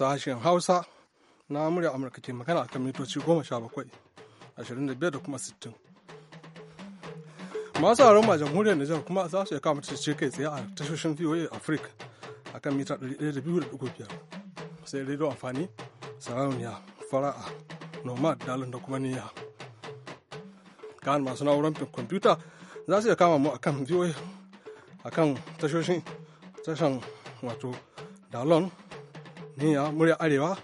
sashen hausa na murya amurka ke magana kan mitoci 17 25 da kuma 60 masu haron ma jamhuriyar Nijar kuma za su iya kama ce kai tsaye a tashoshin VOA Africa a kan mita 102.5 sai rediyo amfani sarauniya fara'a nomad dalin da kuma niyya kan masu na'urar kwamfuta za su iya kama mu a kan VOA a kan tashoshin tashan wato dalon niya murya arewa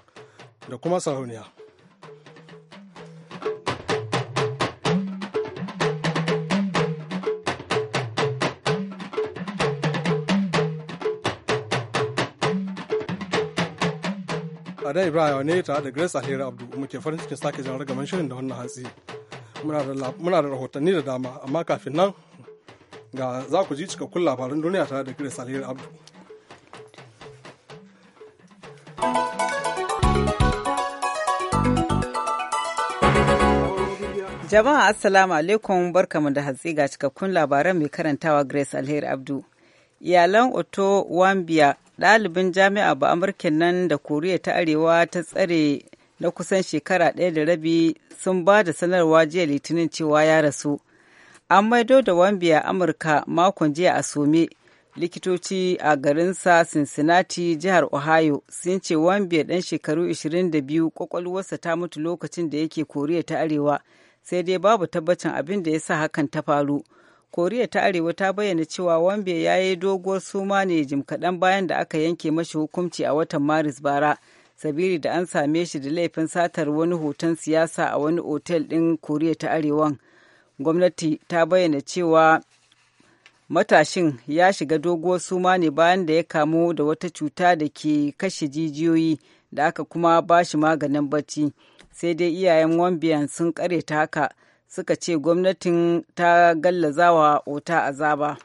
da kuma sarauniya Adan Ibrahim ne tare da Grace Alheri Abdu muke farin cikin sake jan ragaman shirin da wannan hatsi. Muna da rahotanni da dama amma kafin nan ga za ku ji cikakkun labaran duniya tare da Grace Alheri Abdu. Jama'a Assalamu alaikum barkamu da hatsi ga cikakkun labaran mai karantawa Grace Alheri Abdu. Iyalan Otto Wambia ɗalibin jami'a ba Amurkin nan da Koriya ta Arewa ta tsare na kusan shekara ɗaya da rabi sun ba da sanarwa jiya litinin cewa ya rasu. An maido da Wambia Amurka makon jiya a Some. Likitoci a garinsa Cincinnati jihar Ohio sun ce Wambia ɗan shekaru 22 kwakwalwarsa ta mutu lokacin da yake Koriya ta Arewa. sai dai babu tabbacin abin da ya sa hakan ta faru koriya ta arewa ta bayyana cewa wambe ya yi doguwar suma ne jim kaɗan bayan da aka yanke mashi hukunci a watan maris bara sabiri da an same shi da laifin satar wani hoton siyasa a wani otel ɗin koriya ta Arewa gwamnati ta bayyana cewa matashin ya shiga doguwar suma ne bayan da ya kamu da wata cuta da ke kashe jijiyoyi da aka kuma ba shi maganin bacci sai dai iyayen wambiyan sun kare ta haka suka ce gwamnatin ta gallazawa ota azaba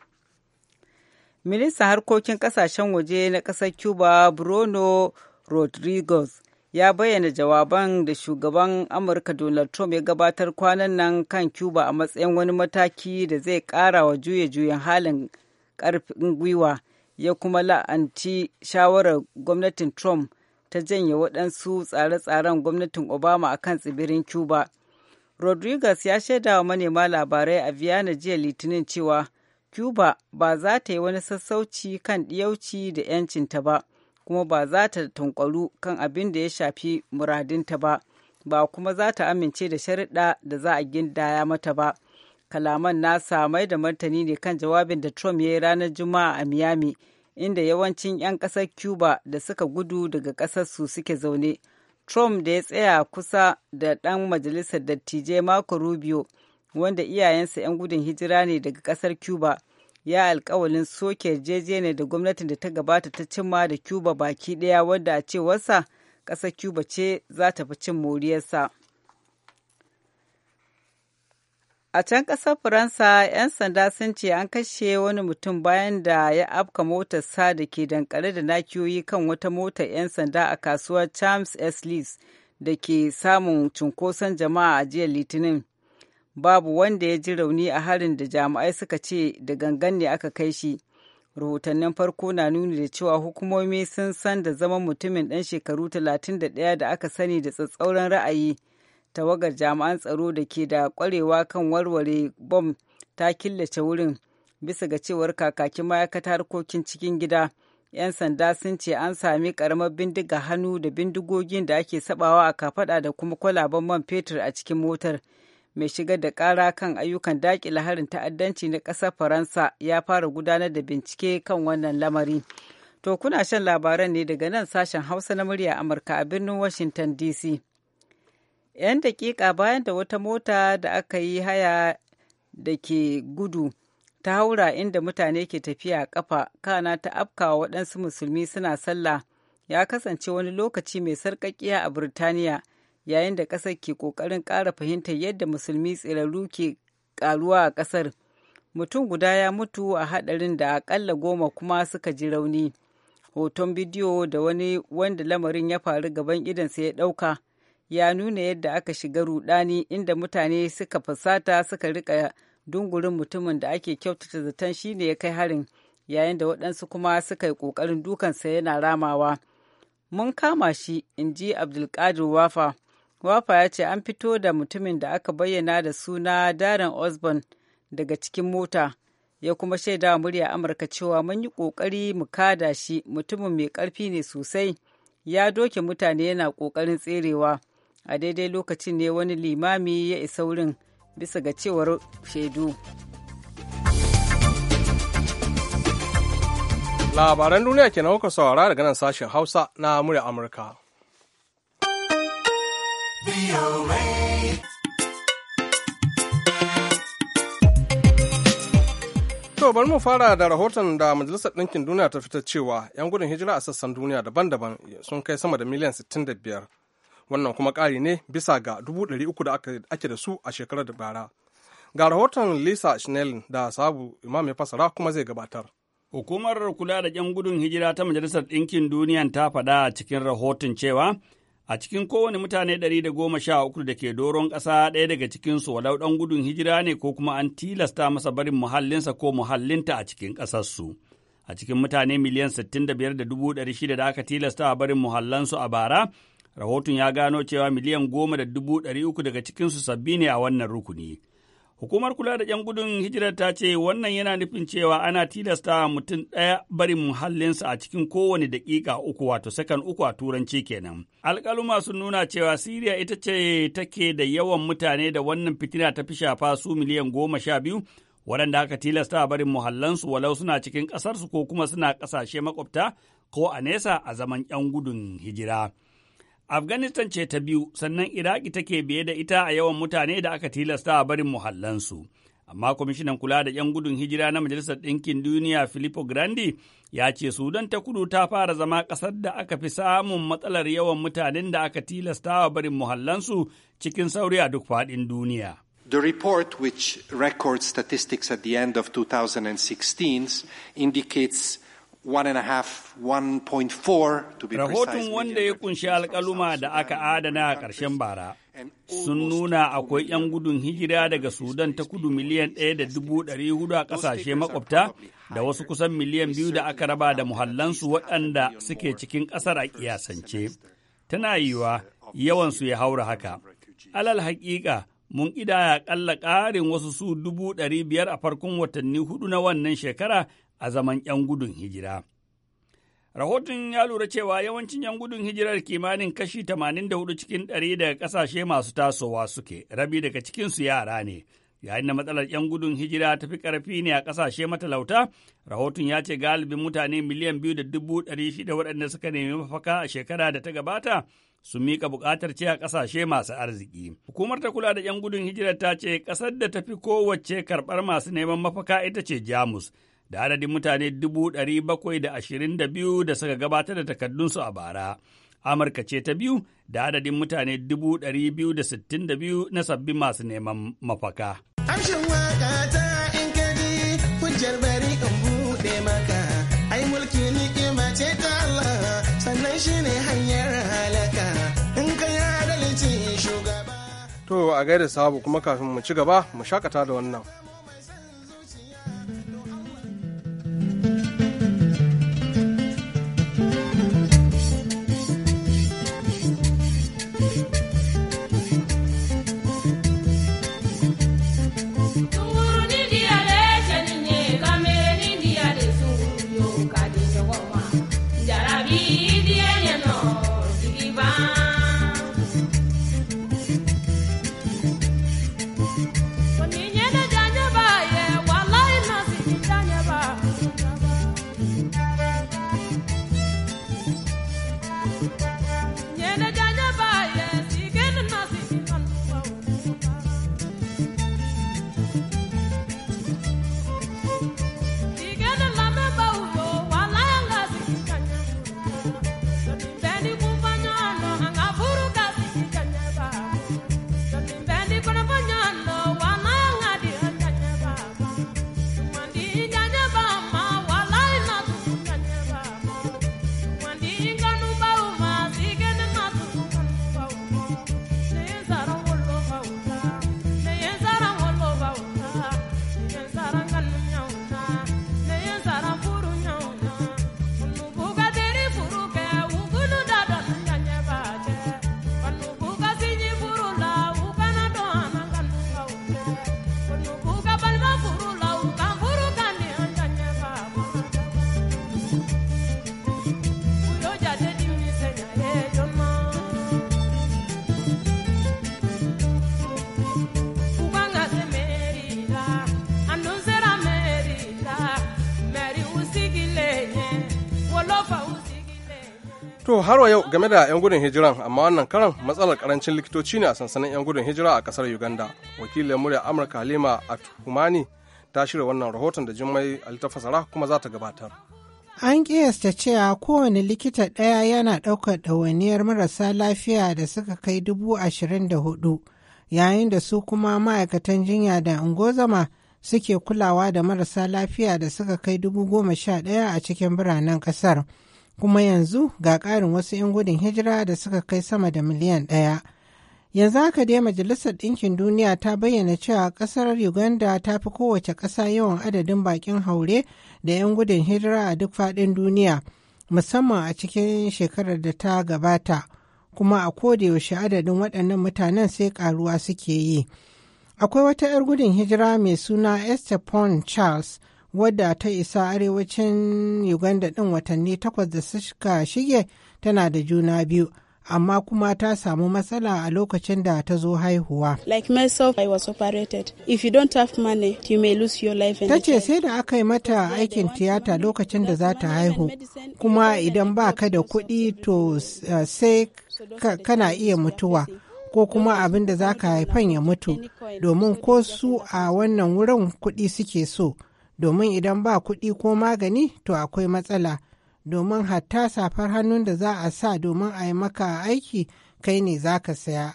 ministan harkokin kasashen waje na ƙasar cuba bruno rodriguez ya bayyana jawaban da shugaban amurka donald trump ya gabatar kwanan nan kan cuba a matsayin wani mataki da zai ƙara wa juye-juyen halin ƙarfin gwiwa ya kuma la'anci shawarar gwamnatin trump ta janye waɗansu tsare-tsaren gwamnatin obama a kan tsibirin cuba rodriguez ya shaida wa manema labarai a Viana jiya litinin cewa cuba ba za ta yi wani sassauci kan ɗiyauci da 'yancinta ba kuma ba za ta tunkwaru kan abin da ya shafi muradinta ba ba kuma za ta amince da sharuɗa da za a gindaya mata ba kalaman nasa mai da martani ne kan jawabin da trump ya yi ranar juma'a a miami inda yawancin 'yan ƙasar Cuba da suka gudu daga ƙasarsu suke zaune. Trump da ya tsaya kusa da ɗan majalisar dattijai Marco Rubio, wanda iyayensa 'yan gudun hijira ne daga ƙasar Cuba, ya alkawalin soke yarjejeniya da gwamnatin da ta gabata ta cimma da Cuba baki ɗaya wadda a cewarsa ƙasar Cuba ce za ta fi cin moriyarsa. A can ƙasar Faransa, 'yan sanda sun ce an kashe wani mutum bayan da ya afka sa da ke dankare da nakiyoyi kan wata motar 'yan sanda a kasuwar Charles Eslis da ke samun cunkoson jama'a a jiya Litinin. Babu wanda ya ji rauni a harin da jami'ai suka ce da gangan ne aka kai shi. Rahotannin farko na nuni da cewa hukumomi sun san da zaman mutumin ɗan shekaru 31 da aka sani da tsatsauran ra'ayi. tawagar jami'an tsaro da ke da kwarewa kan warware bom ta killace wurin bisa ga cewar kakakin ma'aikata harkokin cikin gida 'yan sanda sun ce an sami karamar bindiga hannu da bindigogin da ake sabawa a kafada da kuma kwalaban man fetur a cikin motar mai shigar da kara kan ayyukan dakile harin ta'addanci na ƙasar faransa ya fara gudanar da bincike kan wannan lamari to kuna shan labaran ne daga nan sashen hausa na murya amurka a birnin washington dc 'yan dakika bayan da wata mota da aka yi haya da ke gudu ta haura inda mutane ke tafiya a kafa kana ta afkawa waɗansu musulmi suna sallah ya kasance wani lokaci mai sarƙaƙiya a Birtaniya yayin da ƙasar ke ƙoƙarin ƙara fahimtar yadda musulmi tsirarru ke ƙaruwa a ƙasar. Mutum guda ya mutu a haɗarin da aƙalla goma kuma suka ji rauni. Hoton bidiyo da wani wanda lamarin ya faru gaban idansa ya ɗauka ya nuna yadda aka shiga rudani inda mutane suka fasata suka rika dungurin mutumin da ake kyautata zaton shine ya kai harin yayin da waɗansu kuma suka yi ƙoƙarin dukansa yana ramawa mun kama shi in ji abdulkadir wafa wafa ya ce an fito da mutumin da aka bayyana da suna darren osborn daga cikin mota ya kuma shaida wa murya amurka cewa mun yi ƙoƙari mu kada shi mutumin mai ƙarfi ne sosai ya doke mutane yana ƙoƙarin tserewa a daidai lokacin ne wani limami ya isa wurin bisa ga cewar shaidu labaran duniya ke kuka saurara daga nan sashen hausa na murya amurka To bari mu fara da rahoton da Majalisar Ɗinkin Duniya ta fitar cewa 'yan gudun hijira a sassan duniya daban-daban sun kai sama da miliyan 65 wannan kuma ƙari ne bisa ga dubu ɗari uku da ake da su a shekarar da bara ga rahoton lisa schnellen da sabu imam ya fasara kuma zai gabatar hukumar kula da 'yan gudun hijira ta majalisar ɗinkin duniya ta faɗa a cikin rahoton cewa a cikin kowane mutane ɗari da goma sha uku da ke doron ƙasa ɗaya daga cikinsu walau ɗan gudun hijira ne ko kuma an tilasta masa barin muhallinsa ko muhallinta a cikin ƙasarsu. A cikin mutane miliyan sittin da dubu ɗari da aka tilasta a barin muhallansu a bara, Rahoton ya gano cewa miliyan goma da dubu ɗari uku daga cikinsu sabbi ne a wannan rukuni. Hukumar kula da 'yan gudun hijirar ta ce wannan yana nufin cewa ana tilasta mutum ɗaya barin muhallinsa a cikin kowane daƙiƙa uku wato sakan uku a turanci kenan. Alƙaluma sun nuna cewa Siriya ita ce take da yawan mutane da wannan fitina ta fi shafa su miliyan goma sha biyu waɗanda aka tilasta barin muhallansu walau suna cikin ƙasarsu ko kuma suna ƙasashe makwabta ko a nesa a zaman 'yan gudun hijira. Afghanistan ce ta biyu, sannan Iraki take biye da ita a yawan mutane da aka tilasta a barin muhallansu. Amma kwamishinan kula da 'yan gudun hijira na Majalisar Ɗinkin Duniya Filippo Grandi ya ce Sudan ta kudu ta fara zama ƙasar da aka fi samun matsalar yawan mutanen da aka tilasta wa barin muhallansu cikin sauri a duk faɗin duniya. The report, which records statistics at the end of 2016, indicates Rahoton wanda ya kunshi alkaluma da aka adana a ƙarshen bara sun nuna akwai 'yan gudun hijira daga Sudan ta kudu miliyan ɗaya da dubu hudu a ƙasashe makwabta da wasu kusan miliyan biyu da aka raba da muhallansu waɗanda suke cikin ƙasar a ƙiyasance. Tana yiwa yawansu ya haura haka. Alal haƙiƙa mun ƙidaya ƙalla ƙarin wasu su dubu ɗari biyar a farkon watanni hudu na wannan shekara a zaman 'yan gudun hijira. Rahoton ya lura cewa yawancin 'yan gudun hijirar kimanin kashi 84 cikin 100 daga ƙasashe masu tasowa suke, rabi daga cikinsu yara ne. Yayin da matsalar 'yan gudun hijira ta fi ƙarfi ne a ƙasashe matalauta, rahoton ya ce galibin mutane miliyan biyu da dubu ɗari shida waɗanda suka nemi mafaka a shekara da ta gabata sun miƙa buƙatar ce a ƙasashe masu arziki. Hukumar ta kula da 'yan gudun hijirar ta ce ƙasar da ta fi kowace karɓar masu neman mafaka ita ce Jamus. da adadin mutane dubu ɗari bakwai da ashirin da biyu da suka gabatar da takardunsu a bara. Amurka ce ta biyu da adadin mutane dubu ɗari biyu da sittin da biyu na sabbin masu neman mafaka. Amshin waka ta in in buɗe maka, mulki ce ta Allah sannan hanyar in To a gaida sabu kuma kafin mu ci gaba mu shakata da wannan. and I die. To har wa yau game da 'yan gudun hijiran amma wannan karan matsalar karancin likitoci ne a sansanin 'yan gudun hijira a kasar Uganda. Wakilin murya Amurka Halima Atuhumani ta shirya wannan rahoton da Jummai Ali ta kuma za ta gabatar. An ƙiyasta cewa kowane likita ɗaya yana ɗaukar ɗawainiyar marasa lafiya da suka kai dubu ashirin da hudu, yayin da su kuma ma'aikatan jinya da ungozama suke kulawa da marasa lafiya da suka kai dubu goma sha ɗaya a cikin biranen ƙasar. Kuma yanzu ga ƙarin wasu 'yan gudun hijira da suka kai sama da miliyan ɗaya. Yanzu haka dai Majalisar Ɗinkin Duniya ta bayyana cewa ƙasar Uganda ta fi kowace ƙasa yawan adadin baƙin haure da 'yan gudun hijira a duk faɗin duniya, musamman a cikin shekarar da ta gabata, kuma a yaushe adadin waɗannan mutanen sai ƙaruwa suke yi. Akwai wata 'yar gudun hijira mai suna Estepon Charles wadda ta isa arewacin Uganda ɗin watanni takwas da suka shige tana da juna biyu. amma kuma ta samu matsala a lokacin da ta zo haihuwa. Like myself, I If you don't have money, you may lose life. Ta ce sai da aka yi mata aikin tiyata lokacin da za ta haihu, kuma idan ba ka da kuɗi to uh, sai kana iya mutuwa. ko kuma abin da za ka haifan ya mutu domin ko su a wannan wurin kuɗi suke so domin idan ba kuɗi ko magani to akwai matsala domin hatta safar hannun da za a sa domin a yi maka aiki kai ne za ka saya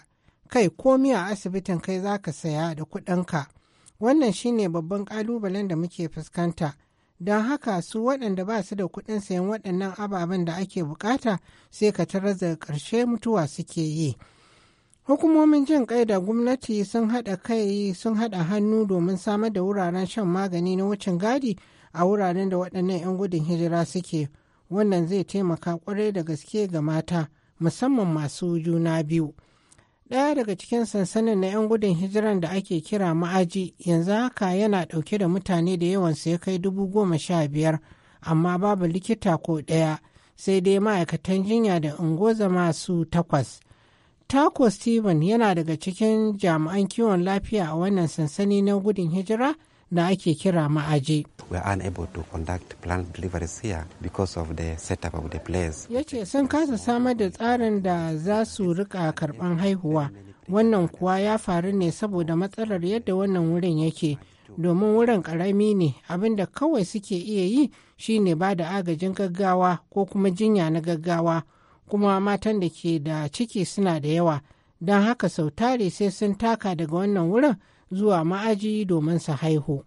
kai komi a asibitin kai za ka saya da kuɗinka wannan shine babban ƙalubalen da muke fuskanta don haka su waɗanda ba su da kuɗin sayan waɗannan ababen da ake bukata sai ka tarar da ƙarshe mutuwa suke yi hukumomin jin kai da gwamnati sun haɗa kai sun haɗa hannu domin samar da wuraren shan magani na wucin gadi a wuraren da waɗannan 'yan gudun hijira suke wannan zai taimaka kwarai da gaske ga mata musamman masu juna biyu ɗaya daga cikin sansanin na 'yan gudun hijiran da ake kira ma'aji yanzu haka yana ɗauke da mutane da yawansu ya kai dubu goma sha biyar amma babu likita ko ɗaya sai dai ma'aikatan jinya da ungozama masu takwas Tako Steven yana daga cikin jami'an kiwon lafiya a wannan sansani na gudun hijira da ake kira ma'aji. were unable to conduct plant deliveries here because of the setup of the place. Ya ce sun kasa samar da tsarin da za su rika karban haihuwa. Wannan kuwa ya faru ne saboda matsalar yadda wannan wurin yake. Domin wurin ƙarami ne abinda kawai suke iya yi shine ba da agajin gaggawa ko kuma jinya na gaggawa kuma matan da ke da ciki suna da yawa don haka sau sai sun taka daga wannan wurin zuwa ma'aji domin su haihu.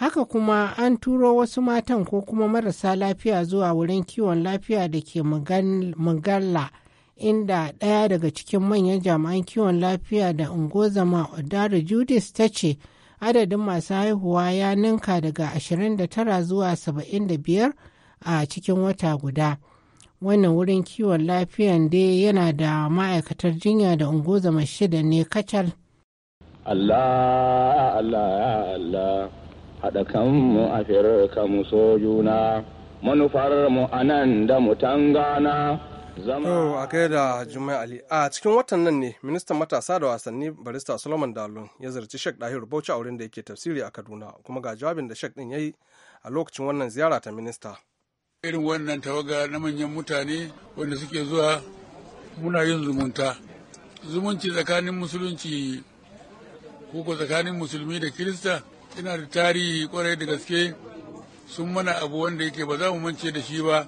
haka kuma an turo wasu matan ko kuma marasa lafiya zuwa wurin kiwon lafiya da ke mugalla inda ɗaya daga cikin manyan jami'an kiwon lafiya da ungozama odara judith ta ce adadin masu haihuwa ya ninka daga 29 zuwa 75 a cikin wata guda wannan wurin kiwon lafiyan dai yana da ma'aikatar jinya da ungozama shida ne kacal Allah Allah Allah haɗa kanmu a firarka mu so juna manufar mu nan da mu tangana To a kai da Jummai Ali a cikin watan nan ne ministan matasa da wasanni barista Solomon Dalun ya zarci Sheikh Dahiru Bauchi a wurin da yake tafsiri a Kaduna kuma ga jawabin da Sheikh din yayi a lokacin wannan ziyara ta minista. Irin wannan tawaga na manyan mutane wanda suke zuwa muna yin zumunta. Zumunci tsakanin musulunci ko tsakanin musulmi da kirista ina da tarihi kwarai da gaske sun mana abu wanda yake ba za mu mance da shi ba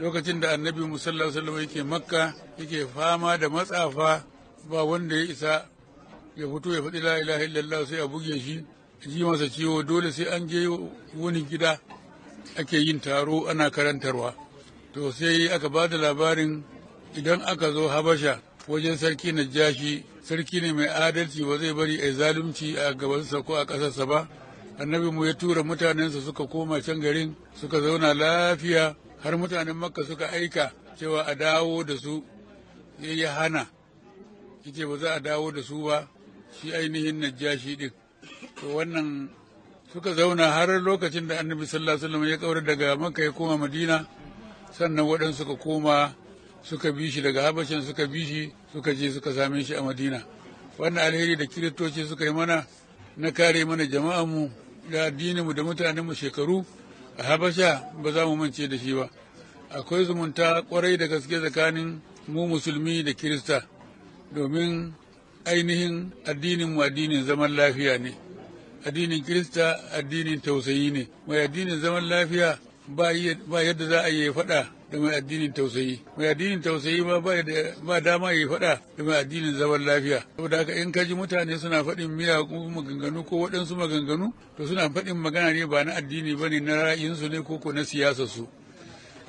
lokacin da annabi musallar salama yake makka yake fama da matsafa ba wanda ya isa ya fito ya faɗi la ilaha illallah sai a buge shi ji masa ciwo dole sai an je wani gida ake yin taro ana karantarwa to sai aka ba da labarin idan aka zo habasha wajen sarki najashi sarki ne mai adalci ba zai bari a zalunci a gabansa ko a ƙasarsa ba annabi mu ya tura mutanensa suka koma can garin suka zauna lafiya har mutanen makka suka aika cewa a dawo da su ya yi hana yace ba za a dawo da su ba shi ainihin najashi din to wannan suka zauna har lokacin da annabi sallallahu alaihi ya kaura daga makka ya koma madina sannan waɗansu suka koma suka bi shi daga habashin suka bi shi suka je suka same shi a madina wannan alheri da kiristoci suka yi mana na kare mana mu da addininmu da mutanenmu shekaru a habasha ba za mu mance da shi ba akwai zumunta kwarai da gaske tsakanin mu musulmi da kirista domin ainihin addininmu addinin zaman lafiya ne addinin kirista addinin tausayi ne mai addinin zaman lafiya ba yadda za a yi faɗa da mai addinin tausayi mai addinin tausayi ma ba da ba dama yi faɗa da mai addinin zaman lafiya saboda haka in ka ji mutane suna faɗin miyagun maganganu ko waɗansu maganganu to suna faɗin magana ne ba na addini ba ne na ra'ayinsu ne ko na siyasa su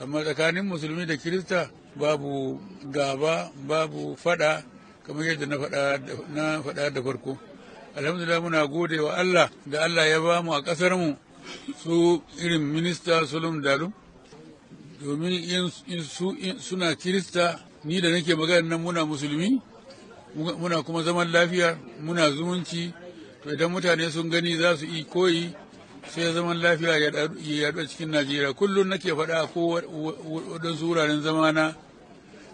amma tsakanin musulmi da kirista babu gaba babu faɗa kamar yadda na faɗa da farko alhamdulillah muna gode wa Allah da Allah ya bamu a ƙasarmu su irin minista Sulum Dalum domin in suna kirista ni da nake magana nan muna musulmi muna kuma zaman lafiya muna zumunci to idan mutane sun gani za su yi koyi sai zaman lafiya ya yaɗu cikin najeriya kullum nake faɗa ko waɗansu wuraren zamana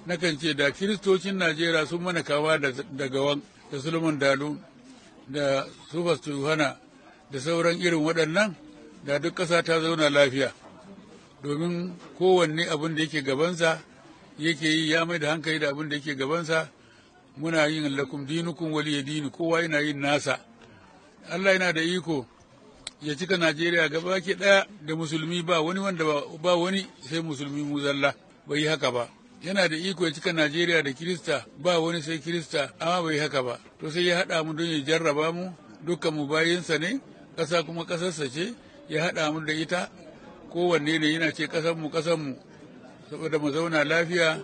nakan ce da kiristocin najeriya sun mana kama da gawan da sulman dalu da sufas yohana da sauran irin waɗannan da duk ƙasa ta zauna lafiya domin kowanne abin da yake gabansa yake yi ya mai da hankali da abin da yake gabansa muna yin lakum dinukum waliya dini kowa yana yin nasa Allah yana da iko ya cika Najeriya gaba ke ɗaya da musulmi ba wani wanda ba wani sai musulmi mu zalla bai yi haka ba yana da iko ya cika Najeriya da Kirista ba wani sai Kirista amma bai yi haka ba to sai ya haɗa mu don ya jarraba mu dukkan mu bayinsa ne ƙasa kuma ƙasarsa ce ya haɗa mu da ita kowanne ne yana ce kasanmu kasanmu saboda mu zauna lafiya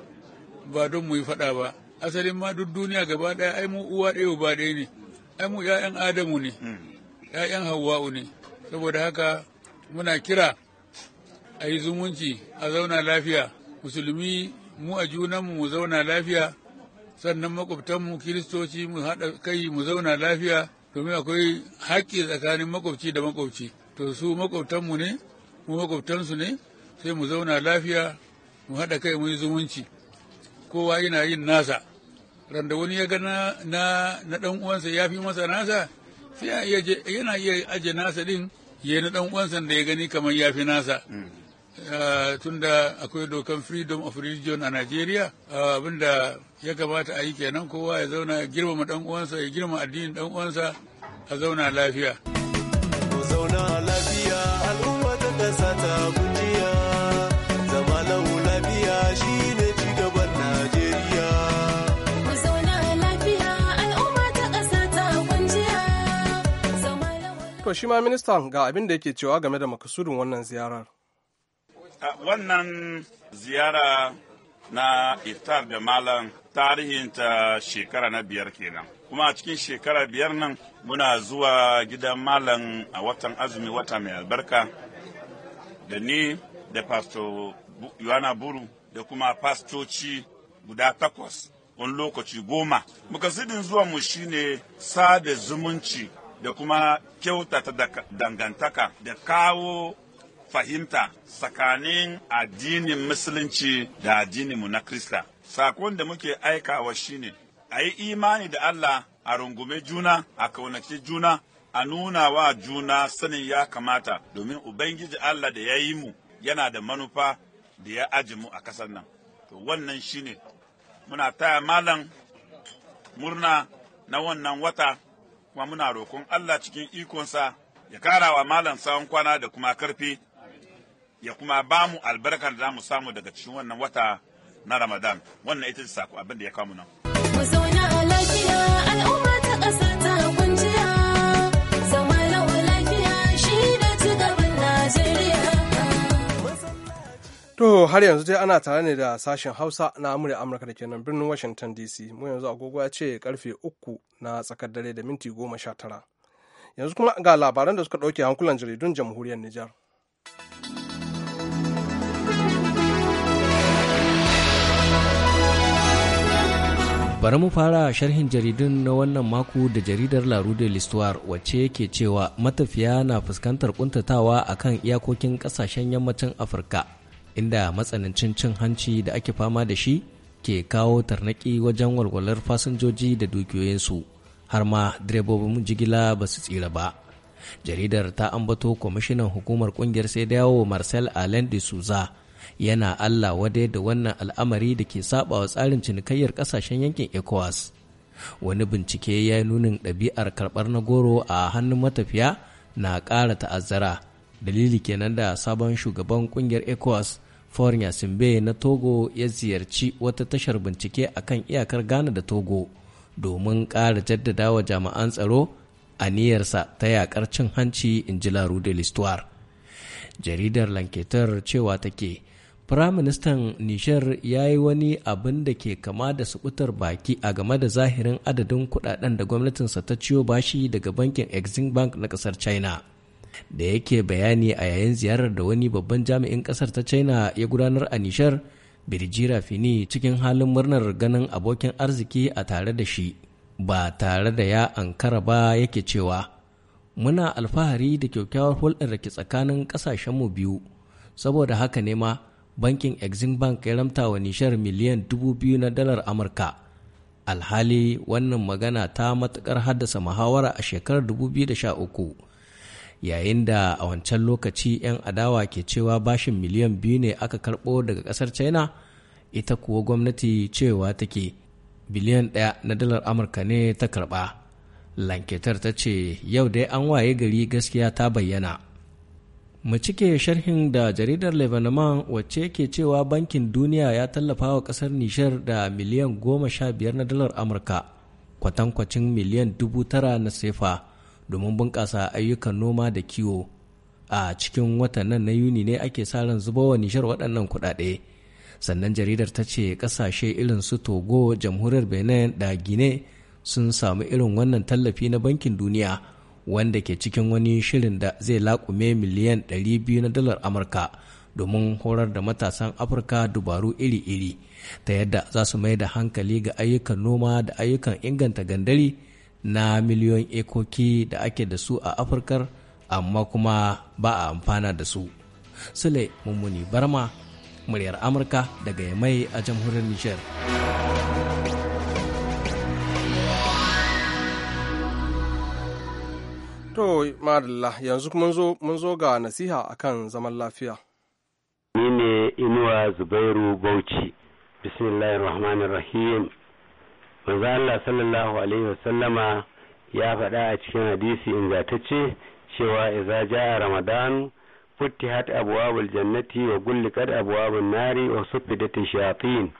ba don mu yi faɗa ba asalin ma duk duniya gaba ɗaya ai mu uwa ɗaya uba ɗaya ne ai mu ƴaƴan adamu ne ƴaƴan hawwa'u ne saboda haka muna kira a yi zumunci a zauna lafiya musulmi mu a junanmu mu zauna lafiya sannan makwabtanmu kiristoci mu haɗa kai mu zauna lafiya domin akwai haƙƙi tsakanin makwabci da makwabci to su makwabtanmu ne mu makwabtansu ne sai mu zauna lafiya mu haɗa kai mu yi zumunci kowa yana yin nasa randa wani ya ga na ɗan uwansa ya fi masa nasa sai yana iya aje nasa ɗin ya yi na ɗan uwansa da ya gani kamar ya fi nasa mm. ah, tunda akwai dokan freedom of religion a Najeriya ah, abinda ya kamata a yi kenan kowa ya zauna ya girmama ɗan uwansa ya girmama addinin ɗan uwansa a zauna lafiya. ko shi ma ministan ga abin da yake cewa game da makasudin wannan ziyarar. Wannan ziyara na iftar da malam tarihinta shekara na biyar kenan. Kuma a cikin shekara biyar nan muna zuwa gidan malam a watan azumi wata mai albarka da ni da pasto Yohana Buru da kuma pastoci guda takwas wani lokaci goma. Makasudin zuwa mu shine sa da zumunci da kuma kyautata dangantaka da kawo fahimta tsakanin addinin musulunci da addininmu na krista sakon da muke aikawa shine a yi imani da allah a rungume juna a kaunaki juna a nuna wa juna sanin ya kamata domin ubangiji allah da ya yi mu yana da manufa da ya aji mu a ƙasar nan to wannan shine muna taya malam murna na wannan wata kuma muna roƙon Allah cikin ikonsa ya ƙara wa malam sawon kwana da kuma karfi ya kuma ba mu albarkar da za mu samu daga cikin wannan wata na Ramadan wannan ita ce sako abin da ya mu nan. Mu zauna lafiya al'umma har yanzu dai ana tare ne da sashen Hausa na Amurka Amurka da kenan birnin Washington DC. Mu yanzu agogo ya ce karfe uku na tsakar dare da minti goma sha tara. Yanzu kuma ga labaran da suka ɗauke hankulan jaridun jamhuriyar Nijar. bari mu fara sharhin jaridun na wannan mako da jaridar la de l'histoire wacce yake cewa matafiya na fuskantar kuntatawa akan iyakokin kasashen yammacin afirka inda matsanancin cin hanci da ake fama da shi ke kawo tarnaki wajen walwalar fasinjoji da dukiyoyinsu har ma direbobin jigila ba su tsira ba jaridar ta ambato kwamishinan hukumar kungiyar sai dawo marcel allen de souza yana allah wadai da wannan al'amari da ke sabawa tsarin cinikayyar kasashen yankin ecowas wani bincike ya yi nunin ɗabi'ar karɓar na goro a hannun matafiya na ƙara ta'azzara dalili kenan da sabon shugaban ƙungiyar ecowas Foreign Yasimbe na Togo ya ziyarci wata tashar bincike a kan iyakar Ghana da Togo domin ƙara jaddada wa jami'an tsaro aniyarsa ta yakar cin hanci in ji Laru de l'Histoire. Jaridar Lanketar cewa take Firaministan Nishar ya yi wani abin da ke kama da sukutar baki a game da zahirin adadin kudaden da gwamnatinsa ta ciyo bashi daga bankin Exim Bank na kasar China. da yake bayani a yayin ziyarar da wani babban jami'in kasar ta china ya gudanar a nishar birjira fini cikin halin murnar ganin abokin arziki a tare da shi ba tare da ya ankara ba yake cewa muna alfahari da kyakkyawar hulɗar da ke tsakanin ƙasashenmu biyu saboda haka ne ma bankin exim bank ya ramta wa nishar miliyan dubu biyu na dalar amurka alhali wannan magana ta matukar haddasa muhawara a shekarar 2013 yayin da a wancan lokaci 'yan adawa ke cewa bashin miliyan biyu ne aka karɓo daga ƙasar china ita kuwa gwamnati cewa take biliyan ɗaya na dalar amurka ne ta karɓa lanketar ta ce yau dai an waye gari gaskiya ta bayyana mu cike sharhin da jaridar lebanon wacce ke cewa bankin duniya ya tallafa wa kasar nishar da miliyan goma sha biyar na dalar amurka kwatankwacin miliyan dubu tara na sefa domin bunƙasa ayyukan noma da kiwo a cikin watannan na yuni ne ake sa ran zuba wa nishar waɗannan kuɗaɗe sannan jaridar ta ce ƙasashe irin su togo jamhuriyar benin da gine sun samu irin wannan tallafi na bankin duniya wanda ke cikin wani shirin da zai laƙume miliyan 200 na dalar amurka domin horar da matasan afirka dubaru iri-iri ta yadda za su mai da hankali ga ayyukan noma da ayyukan inganta gandari na miliyon ekoki da ake da su a afirkar amma kuma ba a amfana da su sule mummuni barma muryar amurka daga yamai a jamhuriyar nijar To, madalla yanzu kuma mun zo ga nasiha akan zaman lafiya. Ni ne Inuwa Zubairu Bauchi, Bismillahirrahmanirrahim. manzo Allah sallallahu alaihi wasallama ya faɗa a cikin hadisi ingantacce cewa idza jaa ramadan futtihat abwabul jannati wa gullikat abwabun nari wa suffidat shayatin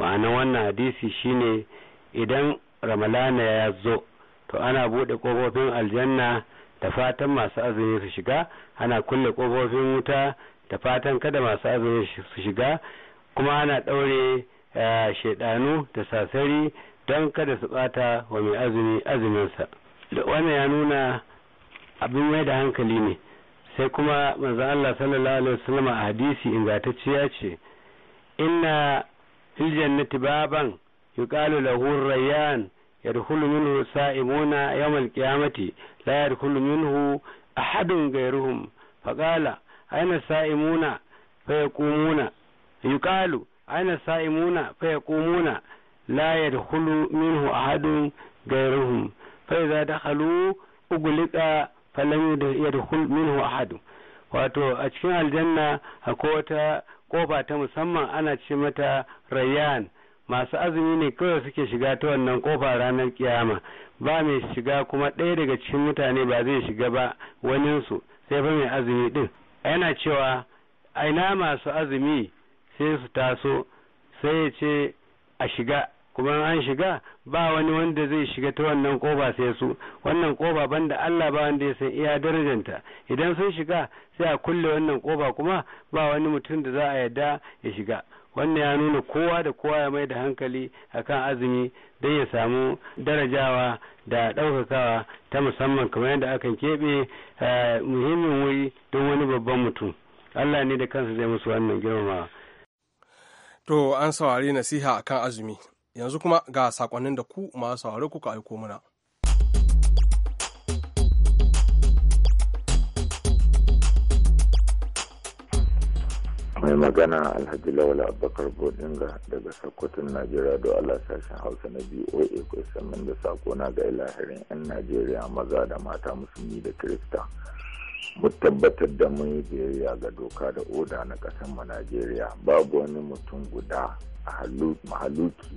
ma'ana wannan hadisi shine idan ramadana ya zo to ana bude kofofin aljanna da fatan masu azumi su shiga ana kulle kofofin wuta da fatan kada masu azumi su shiga kuma ana daure eh, shaidanu da sasari don kada su bata wa mai azumi sa da wannan ya nuna abin mai da hankali ne sai kuma manzon Allah sallallahu alaihi wasallam a hadisi ingantacciya ce inna fil jannati baban yuqalu lahu rayyan yadkhulu minhu sa'imuna yawm al-qiyamati la yadkhulu minhu ahadun ghayruhum faqala aina sa'imuna fa yaqumuna yuqalu aina sa'imuna fa yaqumuna la يدخل منه أحد ghayruhum fa دخلوا أغلق ughliqa يدخل منه أحد wato a cikin aljanna akwai wata kofa ta musamman ana ce mata rayyan masu azumi ne kawai suke shiga ta wannan kofa ranar kiyama ba mai shiga kuma ɗaya daga cikin mutane ba zai shiga ba waninsu sai ba mai azumi ɗin yana cewa aina masu azumi sai su taso sai ya ce a shiga kuma an shiga ba wani wanda zai shiga ta wannan koba sai su wannan koba banda Allah ba wanda ya san iya darajanta idan sun shiga sai a kulle wannan koba kuma ba wani mutum da za a yarda ya shiga wannan ya nuna kowa da kowa ya mai da hankali akan azumi don ya samu darajawa da ɗaukakawa ta musamman kamar yadda aka keɓe eh, muhimmin wuri don wani babban mutum Allah ne da kansa zai musu wannan girmamawa. To an saurari nasiha akan azumi yanzu kuma ga sakonnin da ku masu sauraro kuka aiko mana. mai magana alhaji lawal abubakar bodinga daga sokoton najeriya do allah sashen hausa na boa ko saman da sako na ga ilahirin 'yan najeriya maza da mata musulmi da kirista mu tabbatar da mun yi biyayya ga doka da oda na ƙasar mu najeriya babu wani mutum guda a mahaluki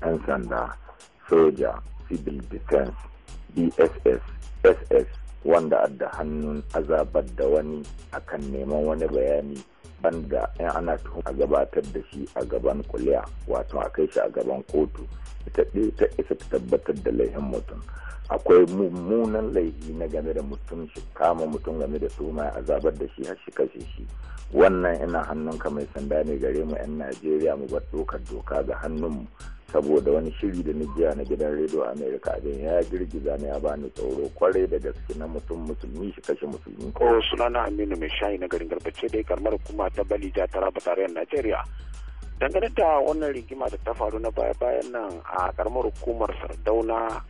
'yan sanda soja civil defense bss ss wanda da hannun azabar da wani akan neman wani bayani banda in ana tuhum a gabatar da shi a gaban kuliya wato a kai shi a gaban kotu ita ta isa ta tabbatar da laihin mutum akwai mummunan laifi na game da mutum shi kama mutum game da tuhuma a zabar da shi har shi kashe shi wannan ina hannunka mai sanda ne gare mu 'yan najeriya mu bar dokar doka ga hannunmu saboda wani shiri da jiya na gidan rediyo amerika abin ya girgiza ne ya bani tsoro kwarai da gaske na mutum musulmi shi kashe musulmi ko sunana aminu mai shayi na garin garbace da karmar kuma ta balija ta raba tarayyar najeriya dangane da wannan rigima da ta faru na baya bayan nan a karamar hukumar sardauna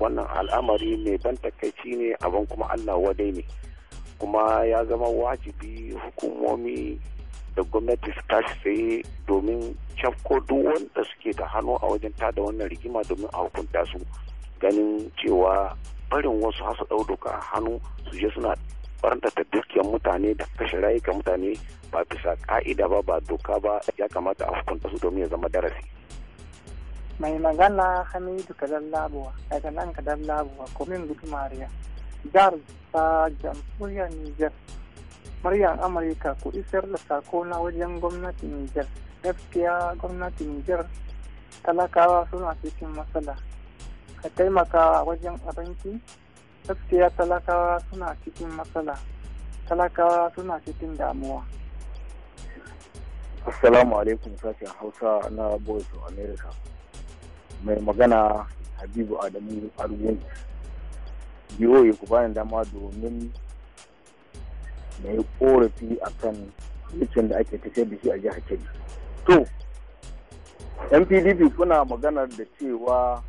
wannan al'amari mai ban takaici ne abin kuma allah wadai ne kuma ya zama wajibi hukumomi da gwamnati su tashi tsaye domin cafko duk wanda suke da hannu a wajen ta tada wannan rigima domin a hukunta su ganin cewa barin wasu hasu ɗau doka hannu su je suna ta dukiyar mutane da kashe rayuka mutane ba bisa ka'ida ba ba doka ba ya kamata a hukunta su domin ya zama darasi. mai magana hamidu kadar labuwa daga nan kadar labuwa komin gudumariya jihar ta jamhuriyar niger muryar amurka ku isar da sako na wajen gwamnatin niger gaskiya gwamnatin niger talakawa suna cikin matsala ka taimaka wajen abinci gaskiya talakawa suna cikin matsala talakawa suna cikin damuwa assalamu alaikum sashen hausa na boys of america mai magana habibu adamu argungu biyo ku bayan dama domin na ƙorafi korafi a kan da ake tafiyar da shi a jihar kebbi to yan pdp kuna maganar da cewa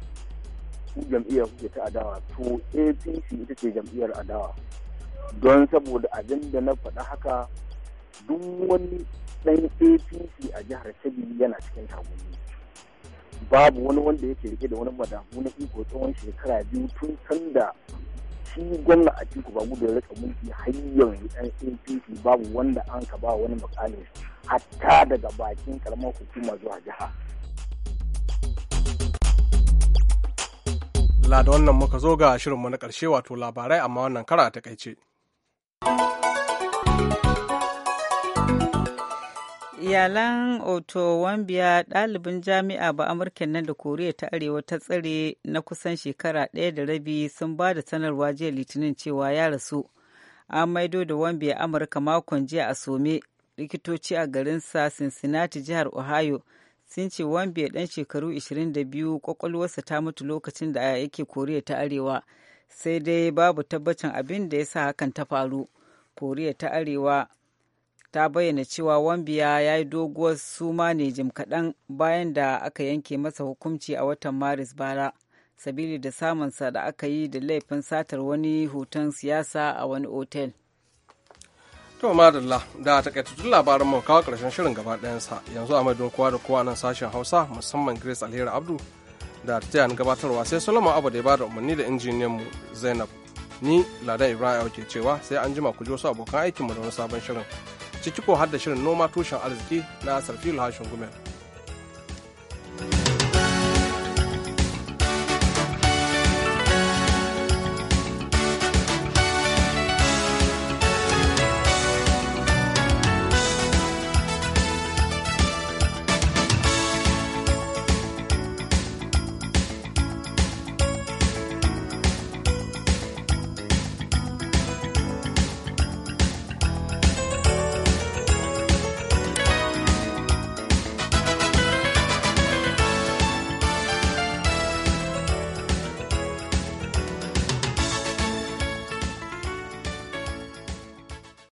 su jam'iyyar kuke ta adawa to apc ita ce jam'iyyar adawa don saboda abin da na faɗa haka duk wani ɗan apc a jihar kebbi yana cikin tagumi babu wani wanda yake rike da wani madafu na iko tsawon shekara biyu tun sanda shi gwamna a tiku ba gudun rika mulki hanyar yan npc babu wanda an ka ba wani mukamin hatta daga bakin karamar hukuma zuwa jiha la wannan muka zo ga shirinmu na ƙarshe wato labarai amma wannan kara a takaice. iyalan oto wambiya ɗalibin jami'a ba amurka nan da koriya ta arewa ta tsare na kusan shekara ɗaya da rabi sun ba da sanarwa jiya litinin cewa ya rasu an maido da wambiya amurka makon jiya a some likitoci a garin sa cincinnati jihar ohio sun ce wambiya ɗan shekaru 22 kwakwalwarsa ta mutu lokacin da yake koriya ta arewa sai dai babu tabbacin abin da ya sa hakan ta faru koriya ta arewa ta bayyana cewa wambiya ya yi doguwar suma ne jim kaɗan bayan da aka yanke masa hukunci a watan maris bara sabili da samunsa da aka yi da laifin satar wani hoton siyasa a wani otel. To madalla da takaitattun labarin mu kawo karshen shirin gaba ɗayansa yanzu a madadin kowa da kowa nan sashen Hausa musamman Grace Alheri Abdu da ta gabatarwa sai Solomon Abu da ya bada umarni da injiniyan mu Zainab ni Ladan Ibrahim ke cewa sai an jima ku ji wasu abokan aikin mu da wani sabon shirin. ciki ko har da shirin noma tushen arziki na sarfilu hashin gumel.